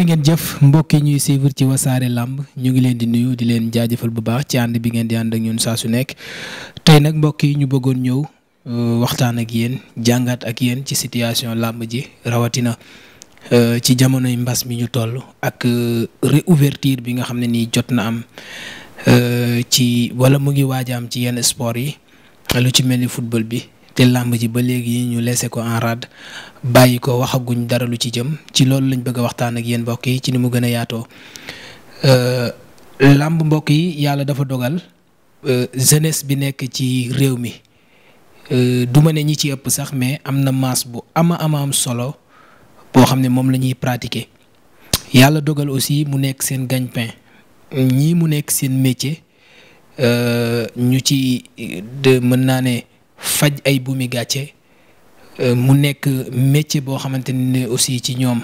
jërë ngeen jëf mbokk yi ñuy suivre ci wasaare làmb ñu ngi leen di nuyu di leen jaajëfal bu baax ci ànd bi ngeen di ànd ak ñun saa su nekk tey nag mbokk yi ñu bëggoon ñëw euh, waxtaan ak yéen jàngat ak yéen ci situation làmb ji rawatina euh, ci jamonoy mbas mi ñu toll ak euh, ouvertire bi nga xam ne nii jot na am ci wala mu ngi waaj ci yenn sport yi lu ci mel ni football bi. te làmb ji ba léegi ñu laissé ko en rade bàyyi ko waxaguñ dara lu ci jëm ci loolu lañ bëgg waxtaan ak yéen mbokk yi ci ni mu gën a euh, làmb mbokk yi yàlla dafa dogal euh, jeunesse bi nekk ci réew mi euh, du ma ne ñi ci ëpp sax mais am na masse bu ama ama am solo boo xam ne moom la ñuy pratiquer yàlla dogal aussi mu nekk seen gagne-pain ñii mu nekk seen métier ñu ci mën naa ne faj ay buumi gàcce euh, mu nekk métier boo xamante ne aussi ci ñoom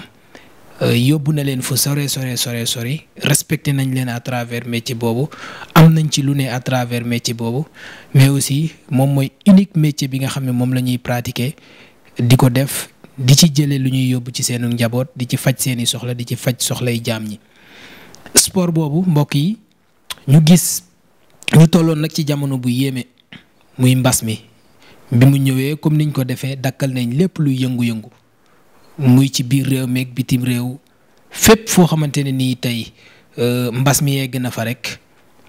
euh, yóbbu na leen fu sore sore sore sori respecté nañ leen à travers métier boobu am nañ ci lu ne à travers métier boobu mais aussi moom mooy unique métier bi nga xam ne moom la ñuy pratiquer di ko def di ci jëlee lu ñuy yóbbu ci seenu njaboot di ci faj seeni soxla di ci faj soxlay jaam ñi sport boobu mbokk yi ñu gis ñu tolloon nag ci jamono bu yéeme muy mbas mi bi mu ñëwee comme niñ ko defee dakkal nañ lépp luy yëngu-yëngu muy ci biir réew meeg bitim réew fépp foo xamante ne nii tey euh, mbas mi yegg na fa rek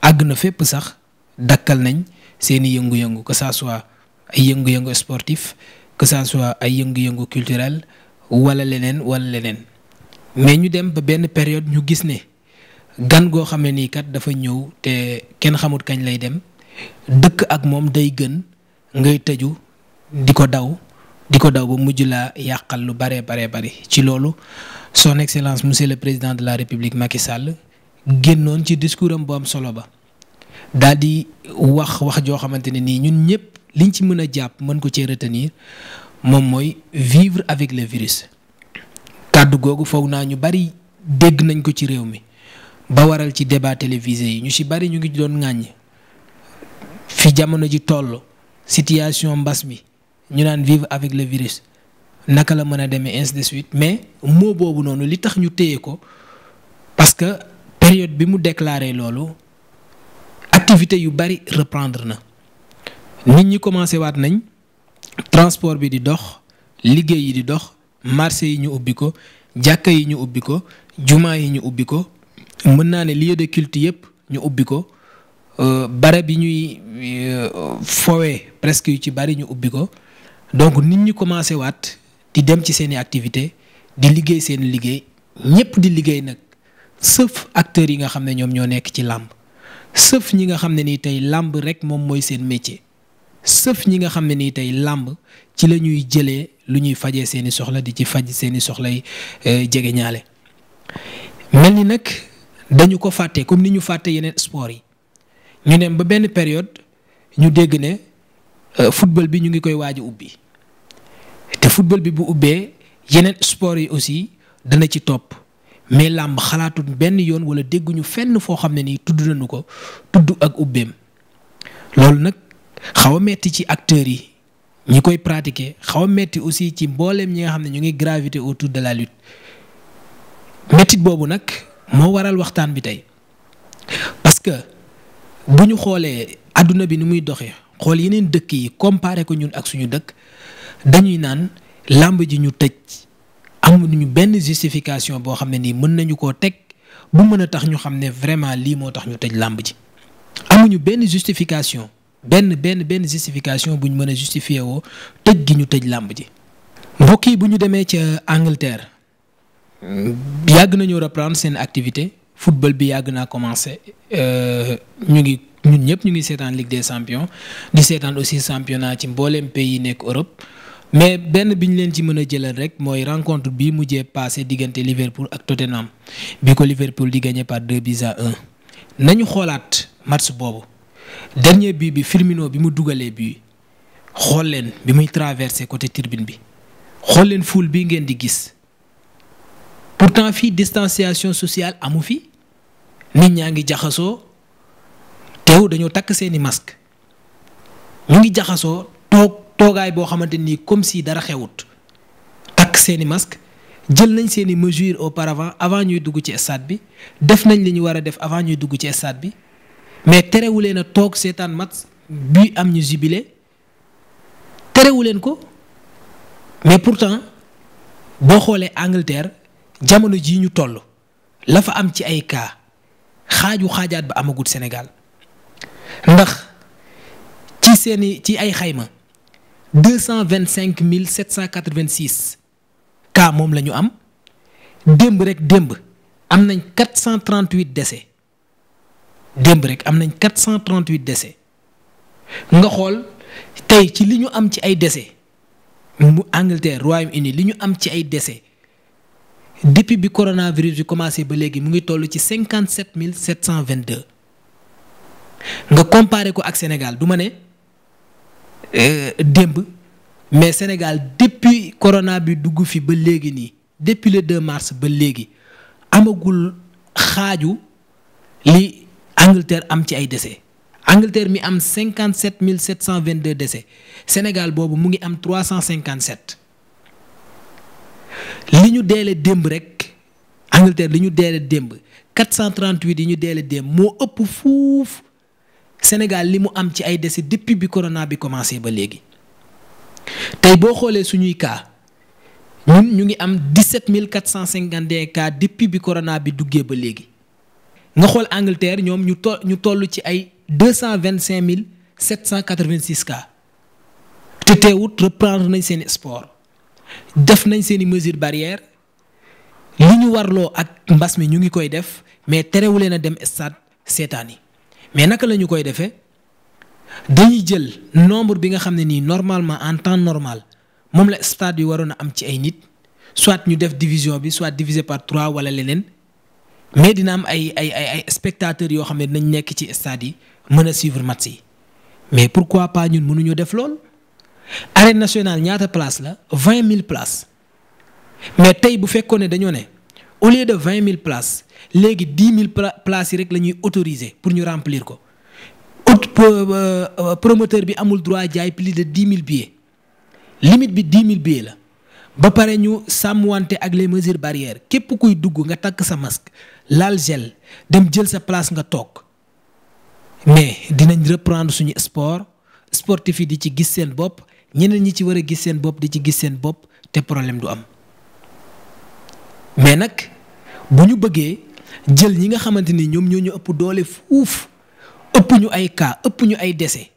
àgg na fépp sax dakkal nañ seeni yëngu-yëngu que ça soit ay yëngu-yëngu sportif que ça ay yëngu-yëngu culturel wala leneen wala leneen mais ñu dem ba benn période ñu gis ne gan goo xam ne nii kat dafa ñëw te kenn xamut kañ lay dem dëkk ak moom day gën. ngay tëju di ko daw di ko daw ba mujj la yàqal lu baree baree bari ci loolu son excellence monsieur le président de la république Macky Sall génnoon ci discours am bu am solo ba daal di wax wax joo xamante ne nii ñun ñëpp liñ ci mën a jàpp mën ko cee retenir moom mooy vivre avec le virus kàddu googu foog naa ñu bari dégg nañ ko ci réew mi ba waral ci débat télévisé yi ñu ci bari ñu ngi doon ŋàññ fi jamono ji toll situation mbas mi ñu naan vivre avec le virus naka la mën a demee ainsi mais moo boobu noonu li tax ñu téye ko parce que période bi mu déclaré loolu activité yu bari reprendre na nit ñi commencé waat nañ transport bi di dox liggéey yi di dox marché yi ñu ubbi ko jàkka yi ñu ubbi ko jumaa yi ñu ubbi ko mën naa ne lieu de culte yépp ñu ubbi ko Euh, barab yi ñuy euh, fowee presque yu ci bari ñu ubbi ko donc nit ñi commencé waat di dem ci seen i activité di liggéey seen liggéey ñëpp di liggéey nag sëf acteurs yi nga xam ne ñoom ñoo nekk ci làmb sëf ñi nga xam ne nii tey làmb rek moom mooy seen métier sëf ñi nga xam ne nii tey làmb ci la ñuy jëlee lu ñuy fajee seen i soxla di ci faj seen i soxlay euh, jege ñaale mel ni nag dañu ko fàtte comme ni ñu fàtte yeneen sport yi ñu dem ba benn période ñu dégg ne euh, football bi ñu ngi koy waaj a ubbi te football bi bu ubbee yeneen sport yi aussi dana ci topp mais làmb xalaatut benn yoon wala dégguñu fenn foo xam ne nii tudd nañu ko tudd ak ubbeem loolu nag xaw a metti ci acteurs yi ñi koy pratiquer xaw a metti aussi ci mbooleem ñi nga xam ne ñu ngi gravité autour de la lutte méttit boobu nag moo waral waxtaan bi tey parce bu ñu xoolee àdduna bi ni muy doxee xool yeneen dëkk yi comparé ko ñun ak suñu dëkk dañuy naan làmb ji ñu tëj amuñu benn justification boo xam ne nii mën nañu koo teg bu mën a tax ñu xam ne vraiment lii moo tax ñu tëj làmb ji amuñu benn justification benn benn benn bu ñu mën a justifié woo tëj gi ñu tëj làmb ji mbokk yi bu ñu demee ca Angleterre yàgg nañu reprendre seen activité football bi yàgg naa commencé euh, ñu ngi ñun ñëpp ñu ngi seetaan Ligue des champions di seetaan aussi championnat ci mbooleem pays yi nekk Europe. mais benn bi ñu leen ci mën a jëlal rek mooy rencontre bii mujjee passé diggante Liverpool ak Tottenham bi ko Liverpool di gagné par deux buts à nañu xoolaat match boobu dernier bi bi Firmino bi mu dugalee bi xool leen bi muy traversé côté tirbine bi xool leen foule bi ngeen di gis pourtant fii distanciation sociale amu fi nit ñaa ngi jaxasoo teew dañoo takk seeni mask mu ngi jaxasoo toog toogaay boo xamante nii comme si dara xewut takk seeni masque jël nañ seeni mesures auparavant avant ñuy dugg ci stade bi def nañ li ñu war a def avant ñuy dugg ci stade bi mais terewu leen a toog seetaan match bi am ñu terewu leen ko mais pourtant boo xoolee Angleterre jamono jii ñu toll lafa am ci ay cas xaaju xaajaat ba amagut Sénégal ndax ci seeni ci ay xayma deux vingt cinq mille sept cent quatre vingt six moom la ñu am démb rek démb am nañ quatre cent trente démb rek am nañ quatre cent trente nga xool tey ci li ñu am ci ay décès mu Angleterre Royaume-Uni li ñu am ci ay dese depuis bi coronavirus bi commencé ba léegi mu ngi toll ci cinquante sept mille sept cent vingt deux nga comparé ko ak Sénégal du ma ne euh, démb mais Sénégal depuis corona bi dugg fi ba léegi nii depuis le 2 mars ba léegi amagul xaaju li Angleterre am ci ay décès Angleterre mi am cinquante sept mille sept cent vingt deux décès Sénégal boobu mu ngi am trois cent cinquante sept li ñu deele démb rek Angleterre li ñu deele démb 438 yi ñu deele démb moo ëpp fuuf Sénégal li mu am ci ay décès depuis bi corona bi commencé ba léegi tey boo xoolee suñuy cas ñun ñu ngi am 17 451 cas depuis bi corona bi duggee ba léegi nga xool Angleterre ñoom ñu to ñu toll ci ay 225 786 cas te teewut reprendre nañ seen sport. def nañ seen i mesures barrières li ñu warloo ak mbas mi ñu ngi koy def mais terewu leen a dem stade seetaan yi mais naka lañu koy defee dañuy jël nombre bi nga xam ne nii normalement en temps normal moom la stade yu waroon a am ci ay nit soit ñu def division bi soit divisé par trois wala leneen mais dina am ay ay ay ay spectateurs yoo xam ne dinañ nekk ci stade yi mën a suivre match si mais pourquoi pas ñun mënuñu def lool. arène nationale ñaata place la vingt mille places mais tey bu fekkoon ne dañoo ne au lieu de vingt mille places léegi dix mille places yi rek la ñuy autoriser pour ñu remplir ko euh, euh, promoteur bi amul droit jaay plus de mille billets limite bi dix mille billets la ba pare ñu sàmmwante ak les mesures barrières képp kuy dugg nga takk sa masque laal gel dem jël sa place nga toog mais dinañ reprendre suñu sport sportif yi di ci gis seen bopp ñeneen ñi ci war a gis seen bopp di ci gis seen bopp te problème du am mais nag bu ñu bëggee jël ñi nga xamante ni ñoom ñooñu ëpp doole fuuf ëpp ñu ay kaa ëpp ñu ay décès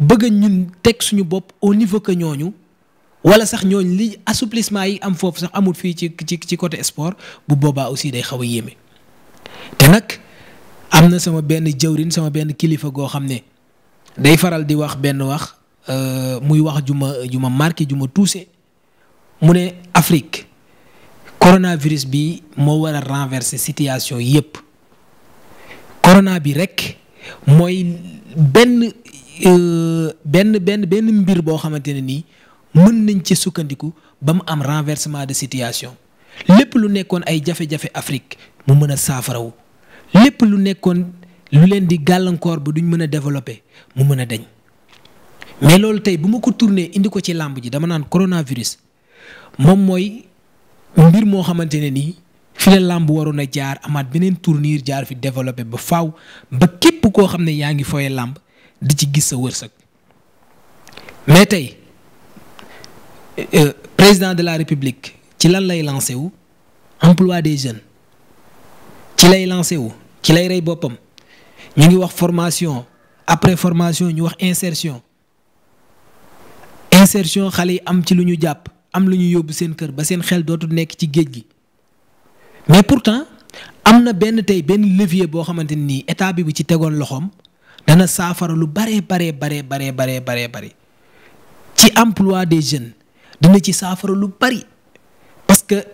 bëgg ñu teg suñu bopp au niveau que ñooñu wala sax ñooñ li assouplissement yi am foofu sax amul fii ci ci ci côté sport bu boobaa aussi day xaw a yéeme te nag am na sama benn jëwrin sama benn kilifa goo xam ne day faral di wax benn wax Euh, muy wax ju ma ju ma marqué ju ma touché mu ne Afrique coronavirus bi moo war a renverser situation yépp corona bi rek mooy benn euh, benn benn benn mbir boo xamante ne nii mën nañ ci sukkandiku ba mu am renversement de situation lépp lu nekkoon ay jafe-jafe Afrique mu mën a saafarawu lépp lu nekkoon lu leen di gàllankoor ba duñ mën a développer mu mën a deñ mais loolu tey bu ma ko tourné indi ko ci làmb ji dama naan coronavirus moom mooy mbir moo xamante ne nii fi la làmb waroon a jaar amaat beneen tournir jaar fi développé ba faw ba képp koo xam ne yaa ngi fooye làmb di ci gis sa wërsëg mais tey euh, euh, président de la république ci lan lay lancé wu emploi des jeunes ci lay lancé wu ci lay rey boppam ñu ngi wax formation après formation ñu wax insertion insertion xale yi am ci lu ñu jàpp am lu ñu yóbbu seen kër ba seen xel dootul nekk ci géej gi mais pourtant am na benn tey benn levier boo xamante nii état bi bu ci tegoon loxoom dana saafara lu baree baree baree baree baree baree bëri ci emploi des jeunes dina ci saafara lu bari parce que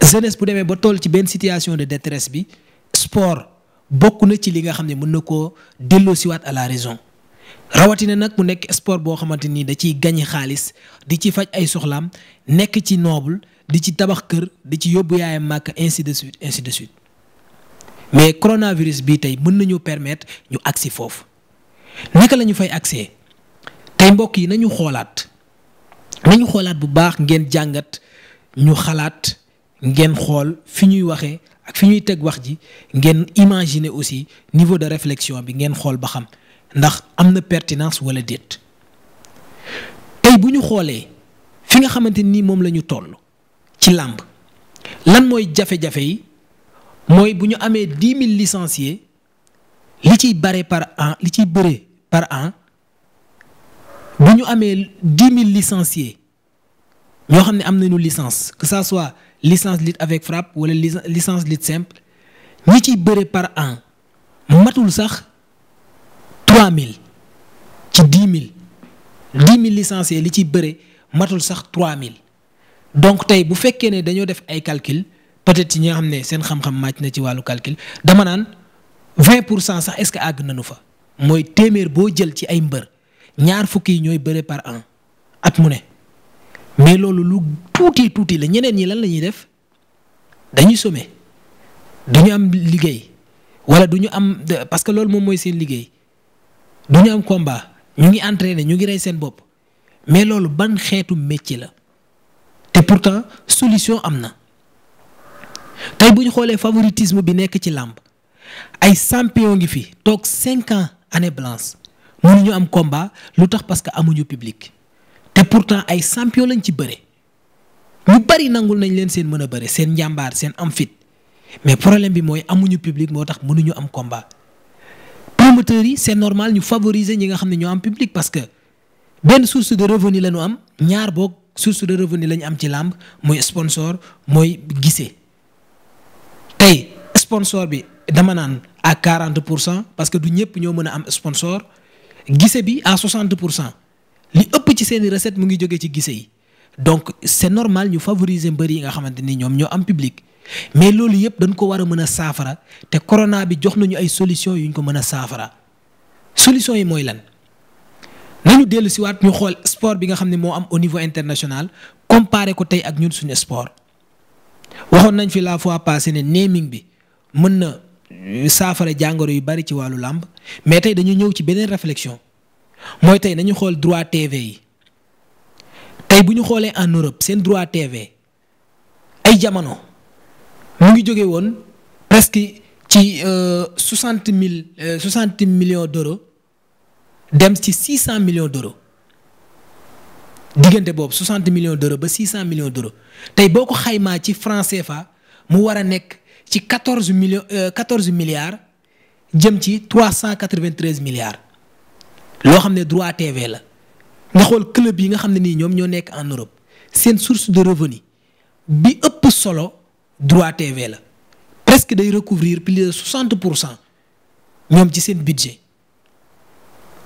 jeunesse bu demee ba toll ci benn situation de détresse bi sport bokk na ci li nga xam ne mën na koo delloosiwaat à la raison rawatina nag mu nekk sport boo xamante nii da ciy gañi xaalis di ci faj ay soxlaam nekk ci noble di ci tabax kër di ci yóbbu yaayam màkk ainsi de suite ainsi de suite mais coronavirus bii tey mën nañu permettre ñu agsi foofu naka lañu fay agsee tey mbokk yi nañu xoolaat nañu xoolaat bu baax ngeen jàngat ñu xalaat ngeen xool fi ñuy waxee ak fi ñuy teg wax ji ngeen imaginer aussi niveau de réflexion bi ngeen xool ba xam ndax am na pertinence wala déet tey bu ñu xoolee fi nga xamante ni moom la ñu toll ci làmb lan mooy jafe-jafe yi mooy bu ñu amee dix mille licenciés li ciy bare par an li ciy bëre par an bu ñu amee dix mille licenciés ñoo xam ne am nañu licence que ça soit licence lutte avec frappe wala licence lutte simple ñi ciy bëre par an matul sax. 3000 ci 10000 10000 licenciés li ci bëre matul sax 3000 donc tey bu fekkee ne dañoo def ay calcul peut-être ci ñi nga xam ne seen xam-xam màcc na ci wàllu calcul dama naan pour cent sax est-ce que àgg nañu fa mooy téeméer boo jël ci ay mbër ñaar fukki yi ñooy bëre par an at mu ne mais loolu lu tuuti tuuti la ñeneen yi lan la ñuy def dañuy some duñu am liggéey wala duñu am parce que loolu moom mooy seen liggéey du ñu am combat ñu ngi entraîné ñu ngi rey seen bopp mais loolu ban xeetu métier la te pourtant solution am na tey bu xoolee favoritisme bi nekk ci làmb ay champion ngi fi toog cinq ans année blanche mënuñu am combat lu tax parce que amuñu public te pourtant ay champion lañ ci bëre ñu bari nangul nañ leen seen mën a bëre seen njàmbaar seen am fit mais problème bi mooy amuñu public moo tax mënuñu am combat. promoteurs yi c'est normal ñu favoriser ñi nga xam ne ñoo am public parce que benn source de revenu la ñu am ñaar boog source de revenu la am ci làmb mooy sponsor mooy gise tey sponsor bi dama naan à 40 pour cent parce que du ñëpp ñoo mën a am sponsor gise bi à 60 pour cent li ëpp ci seeni recette mu ngi jógee ci gise yi donc c'est normal ñu favoriser mbër yi nga xamante ni ñoom ñoo am public. mais loolu yëpp dañ ko war a mën a saafara te corona bi jox nañu ay solution yuñ ko mën a saafara solution yi mooy lan nañu dellu si waat ñu xool sport bi nga xam ne moo am au niveau international comparé ko tey ak ñun suñu sport waxoon nañ fi la fois passée ne naming bi mën na euh, saafara jàngoro yu bari ci wàllu làmb mais tey dañu ñëw ci beneen réflexion mooy tey nañu xool droit TV yi tey bu ñu xoolee en Europe seen droit TV ay jamono. mu ngi jóge woon presque ci euh, soixante mille euh, soixante millions d'euros dem ci six cent millions d'euros diggante boobu soixante million d'euros ba six cent millions d'euros tey boo ko xaymaa ci français CFA mu war a nekk ci quatorze millions euh, quatorze milliards jëm ci trois cent quatre vingt milliards loo xam ne droit TV la nga xool club yi nga xam ne nii ñoom ñoo nekk en Europe seen source de revenu bi ëpp solo. droit TV la presque day recouvrir plus de 60 pour cent ñoom ci seen budget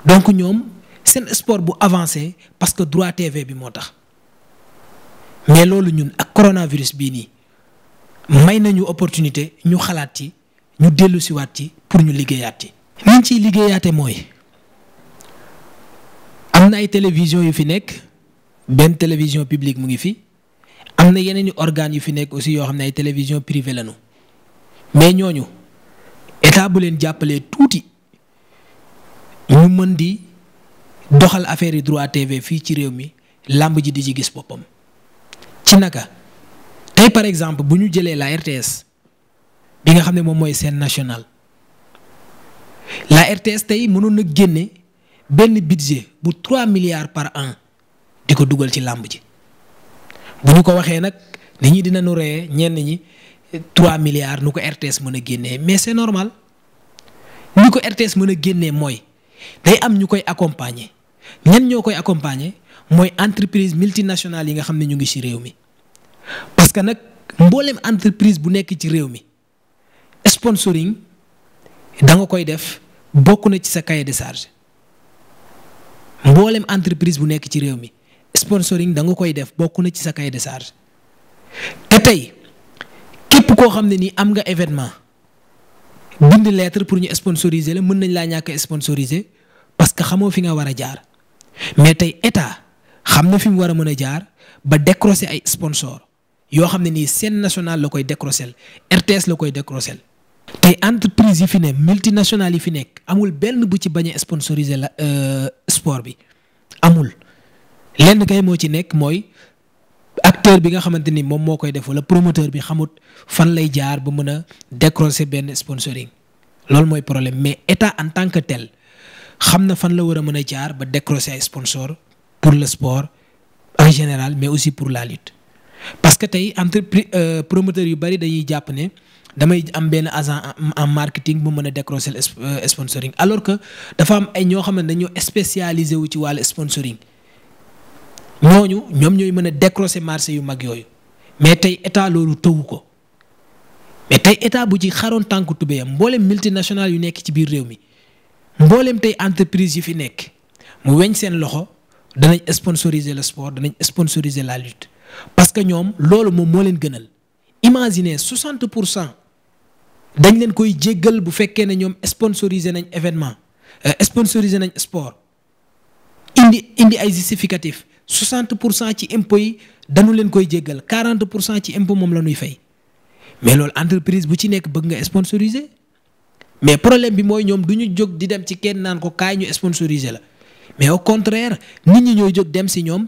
donc ñoom seen sport bu avancé parce que droit TV bi moo tax mais loolu ñun ak coronavirus bii nii may nañu opportunité ñu xalaat yi ñu dellu siwaat ci pour ñu liggéeyaat ci. niñ ciy liggéeyaate mooy am na ay télévision yu fi nekk benn télévision publique mu ngi fi. am na yeneen i organes yu fi nekk aussi yoo xam ne ay télévision privée lañu mais ñooñu état bu leen jàppalee tuuti ñu mën di doxal affaire yi droit TV fii ci réew mi làmb ji di ci gis boppam. ci naka tey par exemple bu ñu jëlee la RTS bi nga xam ne moom mooy seen nationale la RTS tey mënoon na génne benn budget bu 3 milliards par an di ko dugal ci làmb ji. bu ñu ko waxee nag nit ñi dinañu ree ñenn ñi trois milliards nu ko RTS mën a génnee mais c'est normal ni ko RTS mën a génnee mooy day am ñu koy accompagner ñenn ñoo koy accompagner mooy entreprise multinationale yi nga xam ne ñu ngi ci réew mi. parce que nag mbooleem entreprise bu nekk ci réew mi sponsoring da nga koy def bokk na ci sa cahier de charge mboolem entreprise bu nekk ci réew mi sponsoring da nga koy def bokk na ci sa cahier de charge te tey képp koo xam ne nii am nga événement bind lettre pour ñu sponsoriser la mën nañ laa ñàkk a sponsoriser parce que xamoo fi nga war a jaar mais tey état xam na fi mu war a mën a jaar ba décrocher ay sponsor yoo xam ne nii seen national la koy décrocher RTS la koy décrocher tey entreprise yi fi ne multinationale yi fi nekk amul benn bu ci bañ a sponsoriser la euh, sport bi amul. lenn kay moo ci nekk mooy acteur bi nga xamante ni moom moo koy def wala promoteur bi xamut fan lay jaar ba mën a décrocher benn sponsoring loolu mooy problème mais état en tant que tel xam na fan la war a mën a jaar ba décrocher ay sponsor pour le sport en général mais aussi pour la lutte parce que tey entreprise euh, promoteur yu bari dañuy jàpp ne damay am benn agent en marketing bu mën a décrocher euh, sponsoring alors que dafa am ay ñoo xam ne dañoo spécialisé wu ci wàllu sponsoring ñooñu ñoom ñooy mën a décrocher marché yu mag yooyu mais tey état loolu tëwu ko mais tey état bu ci xaroon tànku tubéyam mboolem multinational yu nekk ci biir réew mi mbooleem tey entreprise yu fi nekk mu weñ seen loxo danañ sponsoriser le sport danañ sponsoriser la lutte parce que ñoom loolu moom moo leen gënal imaginez 60 pour cent dañ leen koy jéggal bu fekkee ne ñoom sponsoriser nañ événement euh, sponsoriser nañ sport indi indi ay justificatif 60 pour cent ci impôts yi dañu leen koy jéggal 40 pour cent ci impôt moom la ñuy fay mais loolu entreprise bu ci nekk bëgg nga sponsoriser mais problème bi mooy ñoom du ñu jóg di dem ci kenn naan ko kaay ñu sponsoriser la mais au contraire nit ñi ñooy jóg dem si ñoom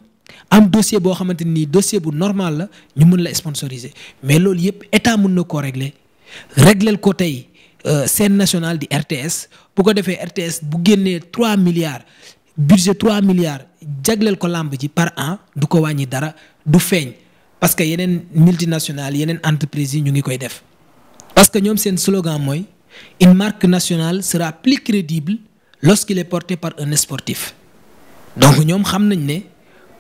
am dossier boo xamante ni dossier bu normal la ñu mën la sponsoriser mais loolu yëpp état mën na ko regle réglel ko tey euh, scène nationale di RTS bu ko defee RTS bu génnee 3 milliards budget 3 milliards. jagleel ko làmb ji par an du ko wàññi dara du feeñ parce que yeneen multinationales yeneen entreprises yi ñu ngi koy def parce que ñoom seen slogan mooy une marque nationale sera plus crédible lorsqu'il est porté par un sportif donc ñoom xam nañ ne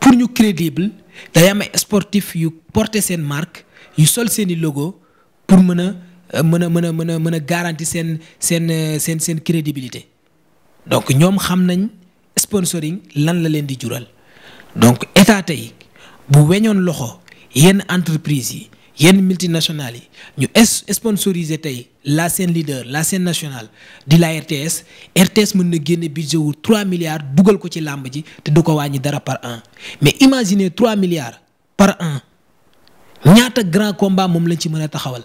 pour ñu crédible day am ay sportif yu porté seen marque yu sol seeni logo pour mën a mën a mën a mën a mën a garanti seen seen seen seen crédibilité donc ñoom xam nañ sponsoring lan la leen di jural donc état tey bu weñoon loxo yenn entreprise yi yenn multinationales yi ñu sponsorisé tey la seen leader la seen nationale di la RTS RTS mën na génne budget wu 3 milliards dugal ko ci làmb ji te du ko wàññi dara par an mais imaginez 3 milliards par an ñaata grand combat moom lañ ci mën a taxawal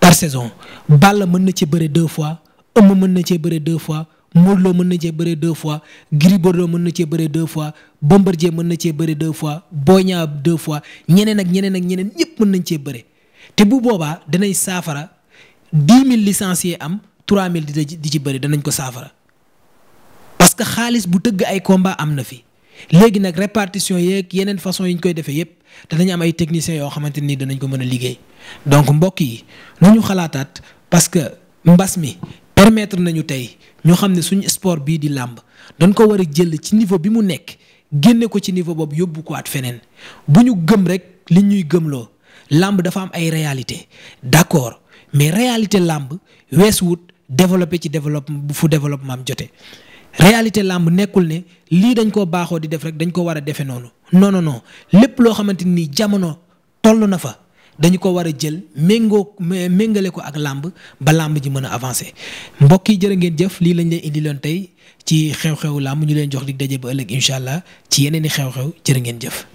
par saison Balla mën na ci bëre deux fois Eumeu mën na ci bëre deux fois Modou loo mën na cee bëree deux fois Gris Bordeaux mën na cee bëree deux fois Bombardier mën na cee bëree deux fois Boy Niang deux fois ñeneen ak ñeneen ak ñeneen ñëpp mën nañ cee bëre te bu boobaa danay saafara dix mille licenciés am trois mille di di ci bëri danañ ko saafara parce que xaalis bu tëgg ay combat am na fi léegi nag répartition yeeg yeneen façon yi ñu koy defee yëpp danañ am ay techniciens yoo xamante ni danañ ko mën a liggéey donc mbokk yi nañu xalaataat parce que mbas mi permettre nañu tey ñoo xam ne suñu sport bii di làmb dañ ko war a jël ci niveau bi mu nekk génne ko ci niveau boobu yóbbu ko at feneen bu ñu gëm rek li ñuy gëmloo làmb dafa am ay réalité d'accord mais réalité làmb weesu wut développé ci développement fu développement am jote réalité làmb nekkul ne lii dañ koo baaxoo di def rek dañ ko war a defe noonu non non non lépp loo xamante ni jamono toll na fa dañu ko war a jël méngoo méngale ko ak làmb ba làmb ji mën a avancé mbokk yi jërë ngeen jëf lii lañ leen indi loon tey ci xew xew làmb ñu leen jox dig daje ba ëllëg incha allah ci yeneen i xew-xew jërë ngeen jëf.